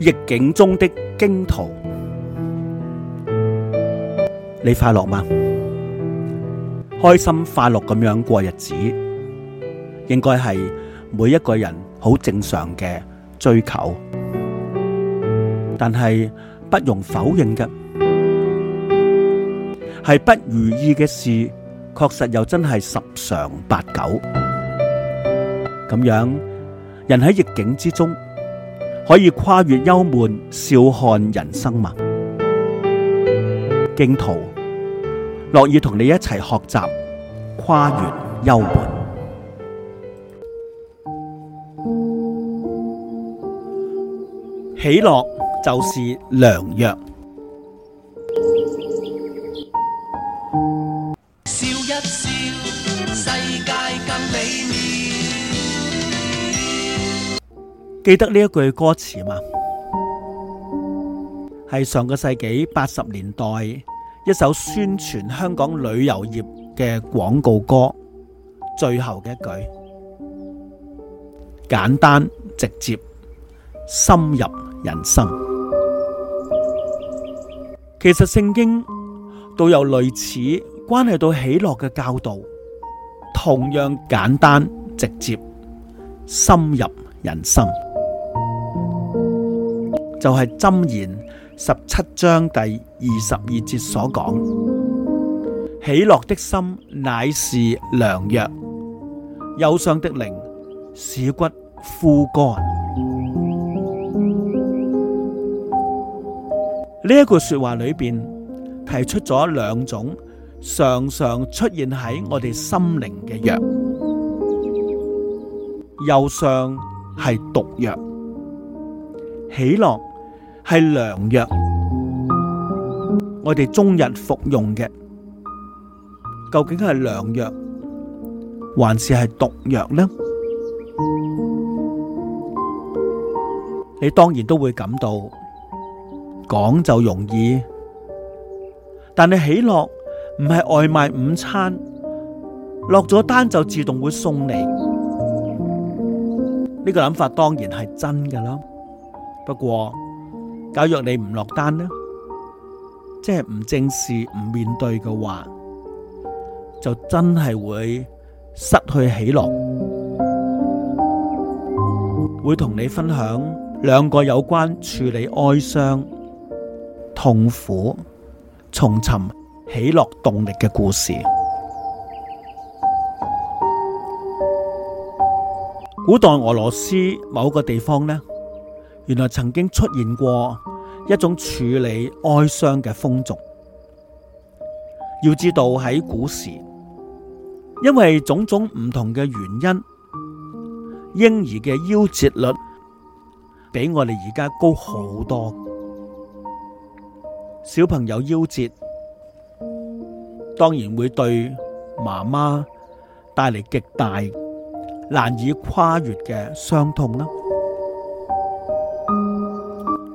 逆境中的荊徒，你快樂嗎？開心快樂咁樣過日子，應該係每一個人好正常嘅追求。但係不容否認嘅，係不如意嘅事，確實又真係十常八九。咁樣，人喺逆境之中。可以跨越幽悶，笑看人生物。荊徒樂意同你一齊學習跨越幽悶，喜樂就是良藥。記得呢一句歌詞嗎？係上個世紀八十年代一首宣傳香港旅遊業嘅廣告歌，最後嘅一句，簡單直接，深入人心。其實聖經都有類似，關係到喜樂嘅教導，同樣簡單直接，深入人心。就係箴言十七章第二十二節所講，喜樂的心乃是良藥，憂傷的靈使骨枯乾。呢一句說話裏邊提出咗兩種常常出現喺我哋心靈嘅藥，憂傷係毒藥，喜樂，係良藥，我哋終日服用嘅，究竟係良藥還是係毒藥呢？你當然都會感到講就容易，但你喜樂唔係外賣午餐，落咗單就自動會送嚟，呢、這個諗法當然係真噶啦。不過，假若你唔落單呢，即係唔正視、唔面對嘅話，就真係會失去喜樂。會同你分享兩個有關處理哀傷、痛苦、重尋喜樂動力嘅故事。古代俄羅斯某個地方呢，原來曾經出現過一種處理哀傷嘅風俗。要知道，喺古時，因為種種唔同嘅原因，嬰兒嘅夭折率比我哋而家高好多。小朋友夭折，當然會對媽媽帶嚟極大、難以跨越嘅傷痛啦。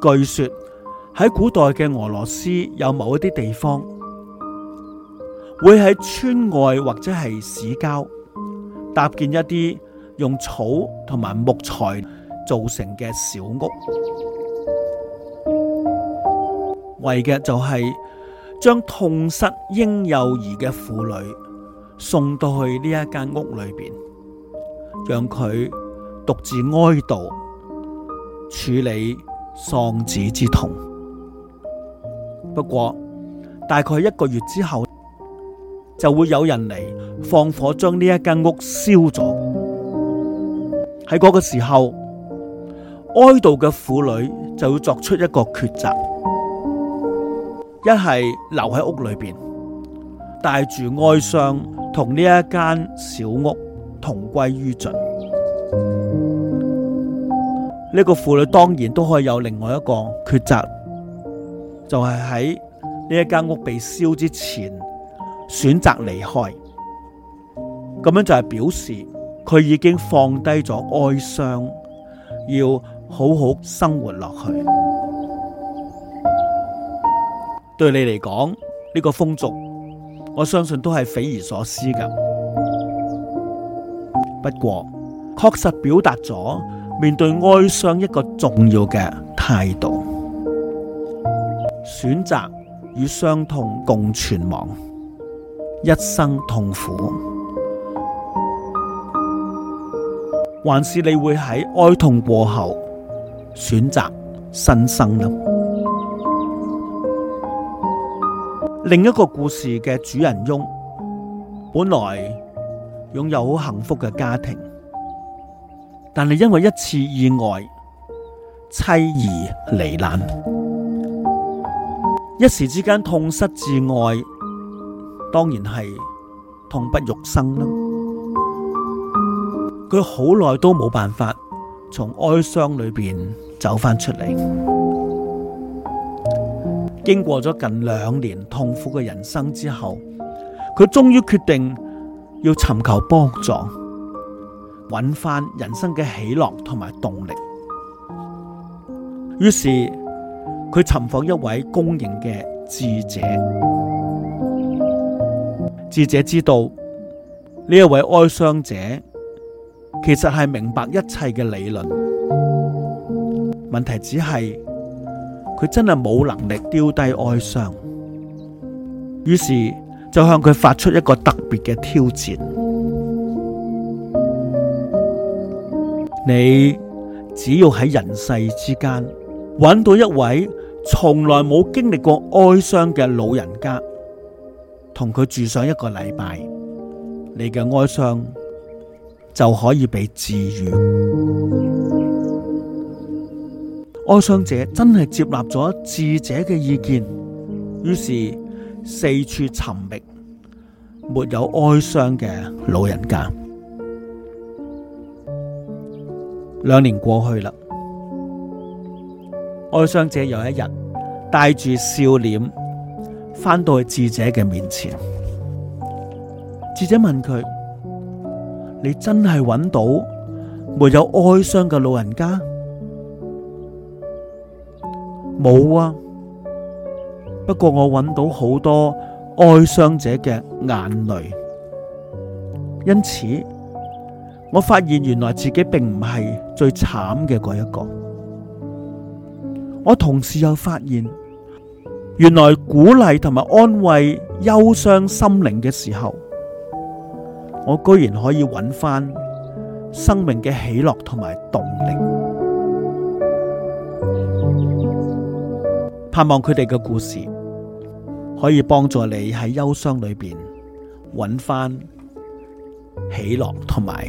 據說喺古代嘅俄羅斯有某一啲地方，會喺村外或者係市郊搭建一啲用草同埋木材做成嘅小屋，為嘅就係將痛失嬰幼兒嘅婦女送到去呢一間屋裏邊，讓佢獨自哀悼處理喪子之痛。不過大概一個月之後，就會有人嚟放火將呢一間屋燒咗。喺嗰個時候，哀悼嘅婦女就要作出一個抉擇：一係留喺屋裏邊，帶住哀傷同呢一間小屋同歸於盡。呢個婦女當然都可以有另外一個抉擇，就係喺呢一間屋被燒之前選擇離開，咁樣就係表示佢已經放低咗哀傷，要好好生活落去。對你嚟講，呢個風俗，我相信都係匪夷所思㗎，不過確實表達咗。面對哀傷一個重要嘅態度，選擇與傷痛共存亡，一生痛苦，還是你會喺哀痛過後選擇新生呢？另一個故事嘅主人翁，本來擁有好幸福嘅家庭。但係因為一次意外，妻兒罹難，一時之間痛失至愛，當然係痛不欲生啦。佢好耐都冇辦法從哀傷裏邊走翻出嚟。經過咗近兩年痛苦嘅人生之後，佢終於決定要尋求幫助。揾翻人生嘅喜樂同埋動力，於是佢尋訪一位公認嘅智者。智者知道呢一位哀傷者其實係明白一切嘅理論，問題只係佢真係冇能力丟低哀傷，於是就向佢發出一個特別嘅挑戰。你只要喺人世之間揾到一位從來冇經歷過哀傷嘅老人家，同佢住上一個禮拜，你嘅哀傷就可以被治癒。哀傷者真係接納咗智者嘅意見，於是四處尋覓沒有哀傷嘅老人家。兩年過去啦，哀傷者有一日帶住笑臉返到去智者嘅面前，智者問佢：你真係揾到沒有哀傷嘅老人家？冇啊，不過我揾到好多哀傷者嘅眼淚，因此。我發現原來自己並唔係最慘嘅嗰一個。我同時又發現，原來鼓勵同埋安慰憂傷心靈嘅時候，我居然可以揾翻生命嘅喜樂同埋動力。盼望佢哋嘅故事可以幫助你喺憂傷裏邊揾翻喜樂同埋。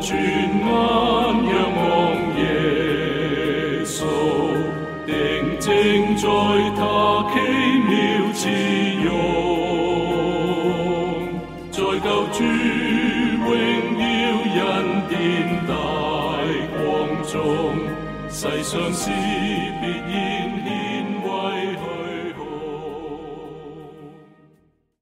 轉眼仰望耶穌，定睛在祂奇妙慈容，在救主榮耀恩典大光中，世上是別意。